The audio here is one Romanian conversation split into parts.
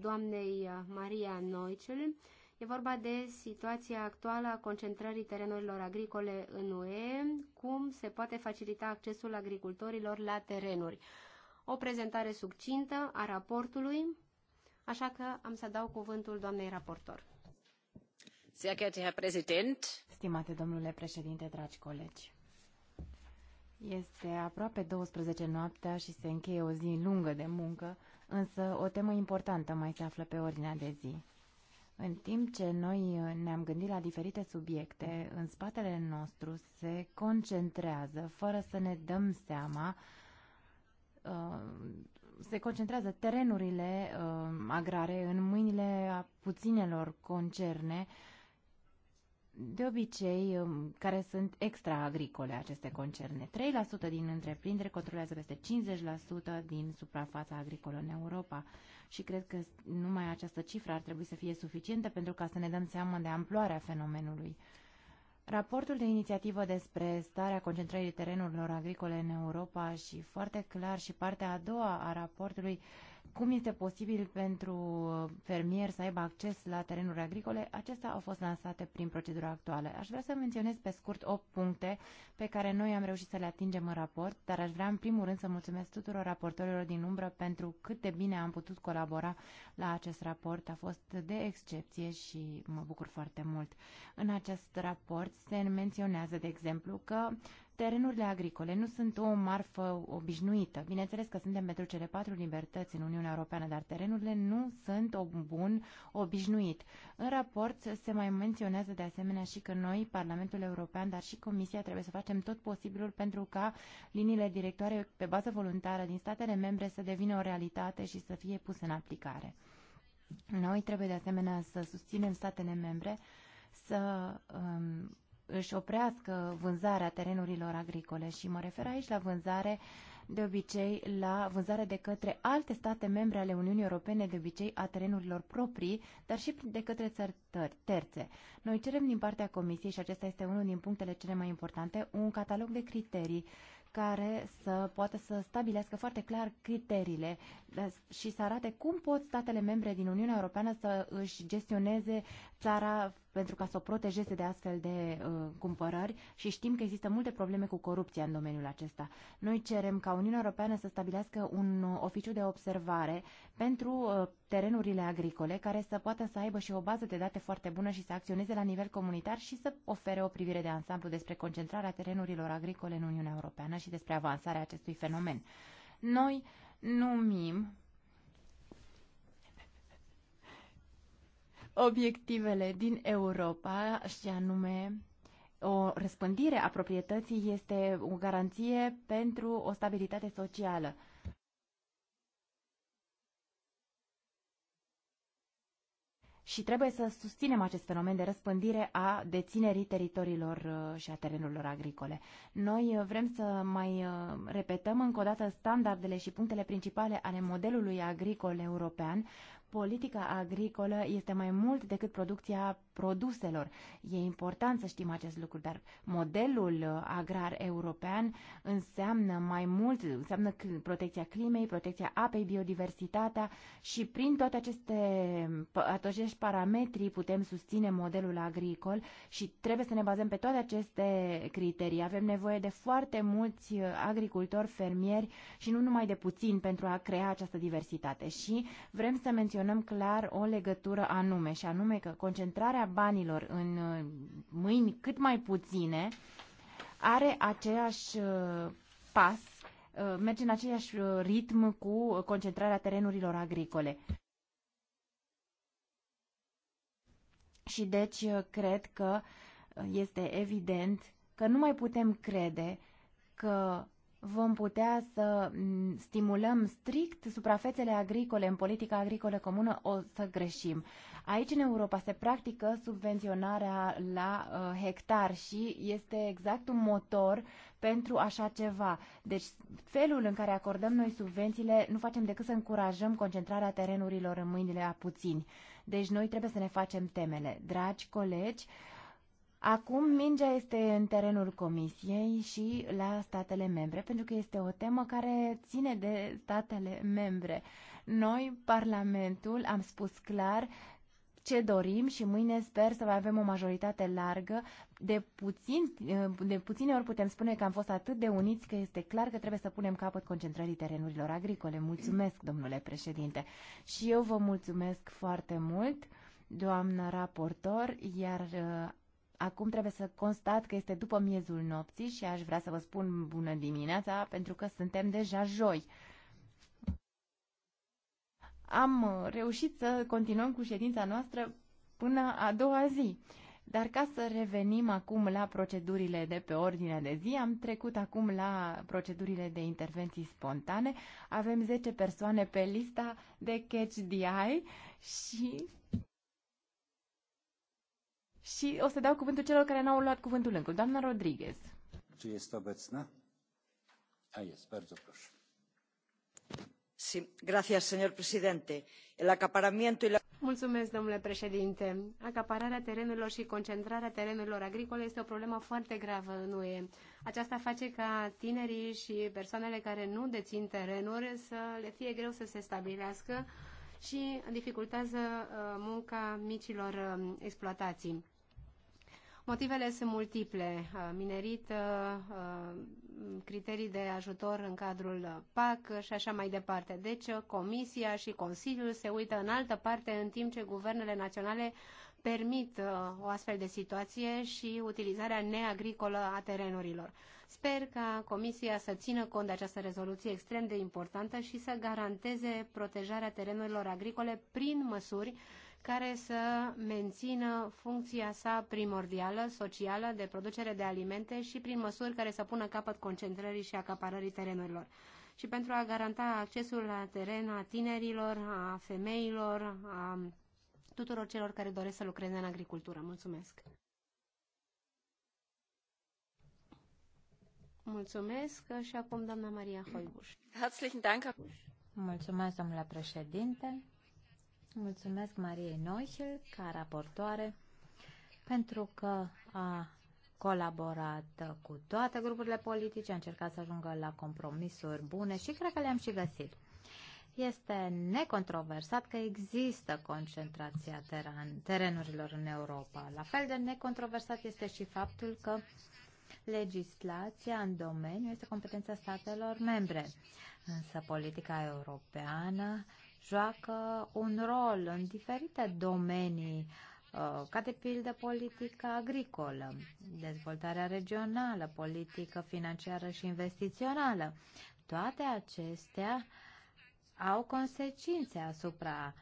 doamnei uh, Maria Noicel. E vorba de situația actuală a concentrării terenurilor agricole în UE, cum se poate facilita accesul agricultorilor la terenuri. O prezentare succintă a raportului, așa că am să dau cuvântul doamnei raportor. Stimate domnule președinte, dragi colegi! Este aproape 12 noaptea și se încheie o zi lungă de muncă însă o temă importantă mai se află pe ordinea de zi. În timp ce noi ne-am gândit la diferite subiecte, în spatele nostru se concentrează, fără să ne dăm seama, uh, se concentrează terenurile uh, agrare în mâinile a puținelor concerne de obicei, um, care sunt extra-agricole aceste concerne. 3% din întreprinderi controlează peste 50% din suprafața agricolă în Europa și cred că numai această cifră ar trebui să fie suficientă pentru ca să ne dăm seama de amploarea fenomenului. Raportul de inițiativă despre starea concentrării terenurilor agricole în Europa și foarte clar și partea a doua a raportului uh, cum este posibil pentru fermieri să aibă acces la terenuri agricole, acestea au fost lansate prin procedura actuală. Aș vrea să menționez pe scurt 8 puncte pe care noi am reușit să le atingem în raport, dar aș vrea în primul rând să mulțumesc tuturor raportorilor din umbră pentru cât de bine am putut colabora la acest raport. A fost de excepție și mă bucur foarte mult. În acest raport se menționează, de exemplu, că Terenurile agricole nu sunt o marfă obișnuită. Bineînțeles că suntem pentru cele patru libertăți în Uniunea Europeană, dar terenurile nu sunt o bun obișnuit. În raport se mai menționează de asemenea și că noi, Parlamentul European, dar și Comisia, trebuie să facem tot posibilul pentru ca liniile directoare pe bază voluntară din statele membre să devină o realitate și să fie puse în aplicare. Noi trebuie de asemenea să susținem statele membre să um, își oprească vânzarea terenurilor agricole și mă refer aici la vânzare de obicei la vânzare de către alte state membre ale Uniunii Europene, de obicei a terenurilor proprii, dar și de către țări terțe. Noi cerem din partea Comisiei, și acesta este unul din punctele cele mai importante, un catalog de criterii care să poată să stabilească foarte clar criteriile da, și să arate cum pot statele membre din Uniunea Europeană să își gestioneze țara pentru ca să o protejeze de astfel de uh, cumpărări și știm că există multe probleme cu corupția în domeniul acesta. Noi cerem ca Uniunea Europeană să stabilească un oficiu de observare pentru uh, terenurile agricole care să poată să aibă și o bază de date foarte bună și să acționeze la nivel comunitar și să ofere o privire de ansamblu despre concentrarea terenurilor agricole în Uniunea Europeană și despre avansarea acestui fenomen. Noi numim obiectivele din Europa și anume o răspândire a proprietății este o garanție pentru o stabilitate socială. și trebuie să susținem acest fenomen de răspândire a deținerii teritoriilor uh, și a terenurilor agricole. Noi uh, vrem să mai uh, repetăm încă o dată standardele și punctele principale ale modelului agricol european politica agricolă este mai mult decât producția produselor. E important să știm acest lucru, dar modelul agrar european înseamnă mai mult, înseamnă protecția climei, protecția apei, biodiversitatea și prin toate aceste acești parametri putem susține modelul agricol și trebuie să ne bazăm pe toate aceste criterii. Avem nevoie de foarte mulți agricultori, fermieri și nu numai de puțin pentru a crea această diversitate. Și vrem să menționăm menționăm clar o legătură anume, și anume că concentrarea banilor în uh, mâini cât mai puține are aceeași uh, pas, uh, merge în aceeași ritm cu concentrarea terenurilor agricole. Și deci cred că este evident că nu mai putem crede că vom putea să mm, stimulăm strict suprafețele agricole în politica agricolă comună, o să greșim. Aici, în Europa, se practică subvenționarea la uh, hectar și este exact un motor pentru așa ceva. Deci, felul în care acordăm noi subvențiile, nu facem decât să încurajăm concentrarea terenurilor în mâinile a puțini. Deci, noi trebuie să ne facem temele. Dragi colegi, uh, Acum mingea este în terenul Comisiei și la statele membre, pentru că este o temă care ține de statele membre. Noi, Parlamentul, am spus clar ce dorim și mâine sper să avem o majoritate largă. De, puțin, de puține ori putem spune că am fost atât de uniți că este clar că trebuie să punem capăt concentrării terenurilor agricole. Mulțumesc, domnule președinte. Și eu vă mulțumesc foarte mult, doamnă raportor, iar Acum trebuie să constat că este după miezul nopții și aș vrea să vă spun bună dimineața pentru că suntem deja joi. Am uh, reușit să continuăm cu ședința noastră până a doua zi. Dar ca să revenim acum la procedurile de pe ordinea de zi, am trecut acum la procedurile de intervenții spontane. Avem 10 persoane pe lista de catch the eye și și o să dau cuvântul celor care n-au luat cuvântul încă. Doamna Rodriguez. Ce este obecna? A jest, bardzo proszę. Sí, gracias, señor presidente. El acaparamiento y la... Mulțumesc, domnule președinte. Acapararea terenurilor și concentrarea terenurilor agricole este o problemă foarte gravă în UE. Aceasta face ca tinerii și persoanele care nu dețin terenuri să le fie greu să se stabilească și dificultează uh, munca micilor uh, exploatații. Motivele sunt multiple. Uh, minerit, uh, uh, criterii de ajutor în cadrul PAC și așa mai departe. Deci Comisia și Consiliul se uită în altă parte în timp ce guvernele naționale permit o astfel de situație și utilizarea neagricolă a terenurilor. Sper ca Comisia să țină cont de această rezoluție extrem de importantă și să garanteze protejarea terenurilor agricole prin măsuri care să mențină funcția sa primordială, socială, de producere de alimente și prin măsuri care să pună capăt concentrării și acaparării terenurilor. Și pentru a garanta accesul la teren a tinerilor, a femeilor, a tuturor celor care doresc să lucreze în agricultură. Mulțumesc! Mulțumesc și acum doamna Maria Hoibuș. Mulțumesc, domnule președinte. Mulțumesc Mariei Noichel ca raportoare pentru că a colaborat cu toate grupurile politice, a încercat să ajungă la compromisuri bune și cred că le-am și găsit. Este necontroversat că există concentrația teren, terenurilor în Europa. La fel de necontroversat este și faptul că legislația în domeniu este competența statelor membre. Însă politica europeană joacă un rol în diferite domenii, uh, ca de pildă politica agricolă, dezvoltarea regională, politică financiară și investițională. Toate acestea au consecințe asupra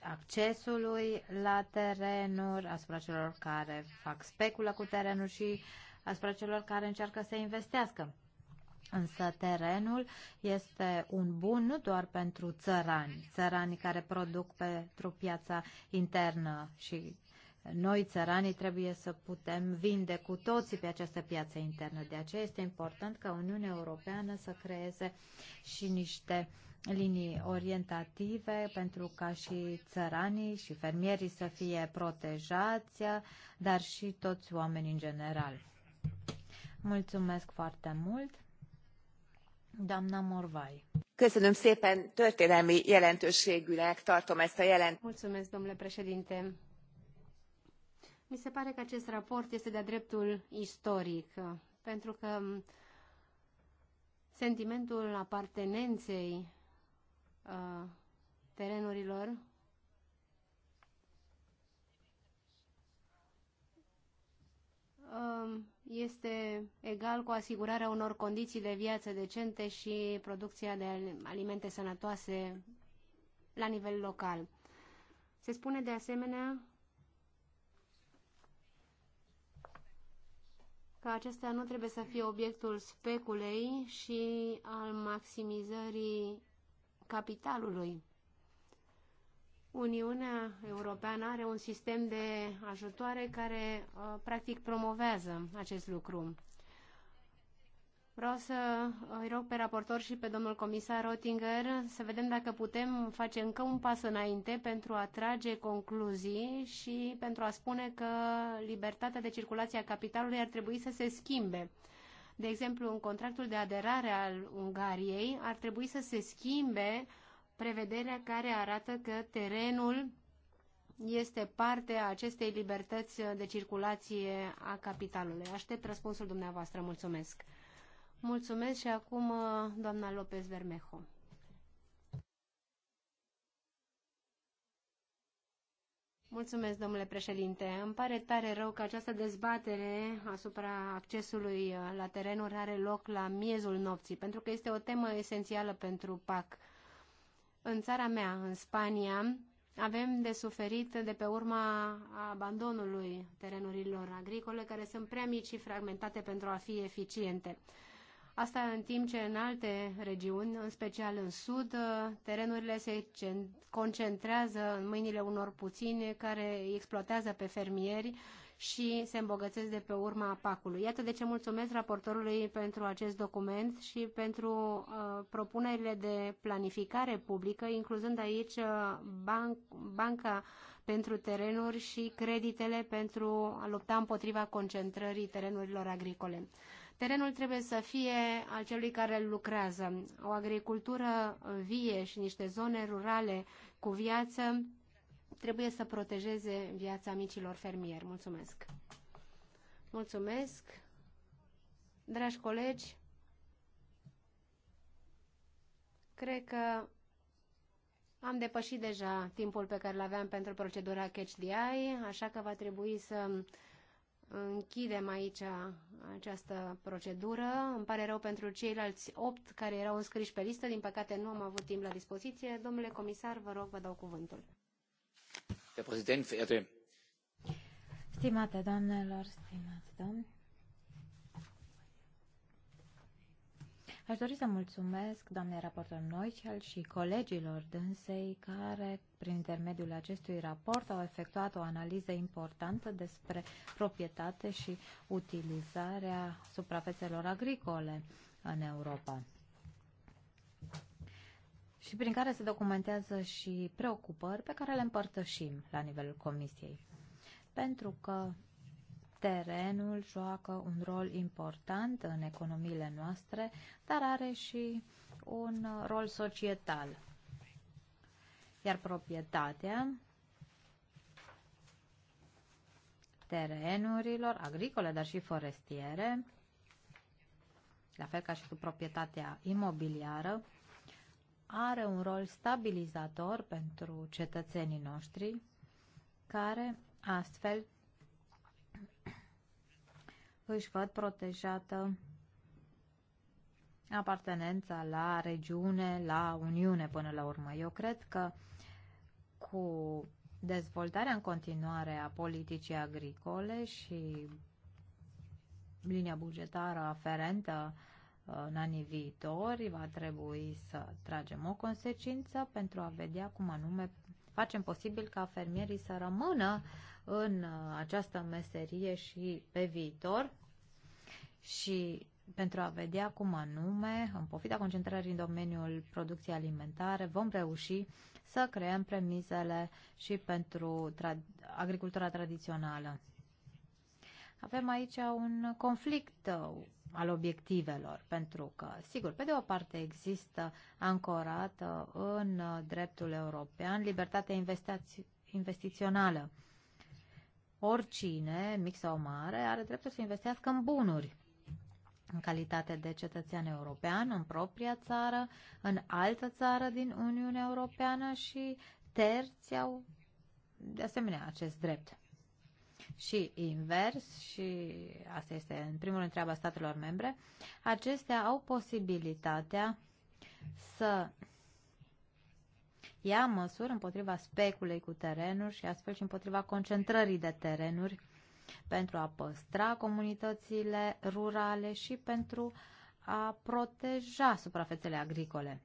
accesului la terenuri, asupra celor care fac speculă cu terenul și asupra celor care încearcă să investească. Însă terenul este un bun nu doar pentru țărani, țărani care produc pentru piața internă și noi, țăranii, trebuie să putem vinde cu toții pe această piață internă. De aceea este important ca Uniunea Europeană să creeze și niște linii orientative pentru ca și țăranii și fermierii să fie protejați, dar și toți oamenii în general. Mulțumesc foarte mult! Doamna Köszönöm szépen, történelmi jelentőségűnek tartom ezt a jelentést. Mulțumesc, domnule președinte. Mi se pare că acest raport este de-a dreptul istoric, pentru că sentimentul apartenenței uh, terenurilor uh, este egal cu asigurarea unor condiții de viață decente și producția de alimente sănătoase la nivel local. Se spune de asemenea că acesta nu trebuie să fie obiectul speculei și al maximizării capitalului. Uniunea Europeană are un sistem de ajutoare care uh, practic promovează acest lucru. Vreau să uh, îi rog pe raportor și pe domnul comisar Oettinger să vedem dacă putem face încă un pas înainte pentru a trage concluzii și pentru a spune că libertatea de circulație a capitalului ar trebui să se schimbe. De exemplu, în contractul de aderare al Ungariei ar trebui să se schimbe uh, prevederea care arată că terenul este parte a acestei libertăți de circulație a capitalului. Aștept răspunsul dumneavoastră. Mulțumesc. Mulțumesc și acum uh, doamna Lopez Bermejo. Mulțumesc, domnule președinte. Îmi pare tare rău că această dezbatere asupra accesului uh, la terenuri are loc la miezul nopții, pentru că este o temă esențială pentru PAC. În țara mea, în Spania, avem de suferit de pe urma abandonului terenurilor agricole, care sunt prea mici și fragmentate pentru a fi eficiente. Asta în timp ce în alte regiuni, în special în sud, terenurile se concentrează în mâinile unor puțini care exploatează pe fermieri și se îmbogățesc de pe urma pacului. Iată de ce mulțumesc raportorului pentru acest document și pentru uh, propunerile de planificare publică, incluzând aici uh, ban banca pentru terenuri și creditele pentru a lupta împotriva concentrării terenurilor agricole. Terenul trebuie să fie al celui care lucrează. O agricultură vie și niște zone rurale cu viață trebuie să protejeze viața micilor fermieri. Mulțumesc! Mulțumesc! Dragi colegi, cred că am depășit deja timpul pe care îl aveam pentru procedura Catch the Eye, așa că va trebui să închidem aici această procedură. Îmi pare rău pentru ceilalți opt care erau înscriși pe listă, din păcate nu am avut timp la dispoziție. Domnule comisar, vă rog, vă dau cuvântul herr präsident verehrte Stimate doamnelor, aș dori să mulțumesc doamnei raportor Noichel și colegilor dânsei care, prin intermediul acestui raport, au efectuat o analiză importantă despre proprietate și utilizarea suprafețelor agricole în Europa și prin care se documentează și preocupări pe care le împărtășim la nivelul Comisiei. Pentru că terenul joacă un rol important în economiile noastre, dar are și un rol societal. Iar proprietatea terenurilor agricole, dar și forestiere, la fel ca și cu proprietatea imobiliară, are un rol stabilizator pentru cetățenii noștri, care astfel își văd protejată apartenența la regiune, la Uniune până la urmă. Eu cred că cu dezvoltarea în continuare a politicii agricole și linia bugetară aferentă uh, Uh, în anii viitori va trebui să tragem o consecință pentru a vedea cum anume facem posibil ca fermierii să rămână în uh, această meserie și pe viitor și pentru a vedea cum anume, în pofida concentrării în domeniul producției alimentare, vom reuși să creăm premisele și pentru tra- agricultura tradițională. Avem aici un conflict uh, al obiectivelor, pentru că, sigur, pe de o parte există ancorată în uh, dreptul european libertatea investi investițională. Oricine, mic sau mare, are dreptul să investească în bunuri, în calitate de cetățean european, în propria țară, în altă țară din Uniunea Europeană și terți au de asemenea acest drept și invers, și asta este în primul rând treaba statelor membre, acestea au posibilitatea să ia măsuri împotriva speculei cu terenuri și astfel și împotriva concentrării de terenuri pentru a păstra comunitățile rurale și pentru a proteja suprafețele agricole.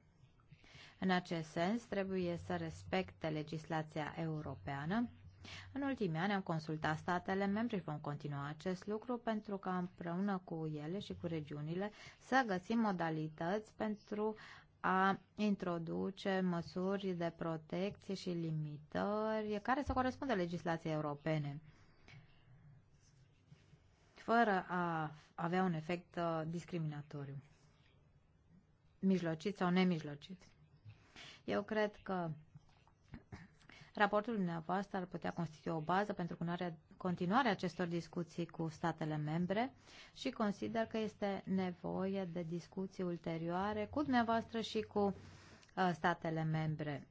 În acest sens, trebuie să respecte legislația europeană în ultimii ani am consultat statele membre și vom continua acest lucru pentru ca împreună cu ele și cu regiunile să găsim modalități pentru a introduce măsuri de protecție și limitări care să corespundă legislației europene fără a avea un efect uh, discriminatoriu, mijlocit sau nemijlocit. Eu cred că Raportul dumneavoastră ar putea constitui o bază pentru continuarea acestor discuții cu statele membre și consider că este nevoie de discuții ulterioare cu dumneavoastră și cu uh, statele membre.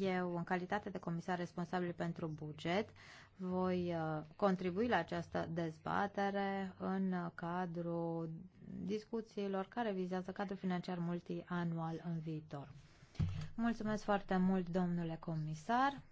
Eu, în calitate de comisar responsabil pentru buget, voi uh, contribui la această dezbatere în cadrul discuțiilor care vizează cadrul financiar multianual în viitor. Mulțumesc foarte mult, domnule comisar.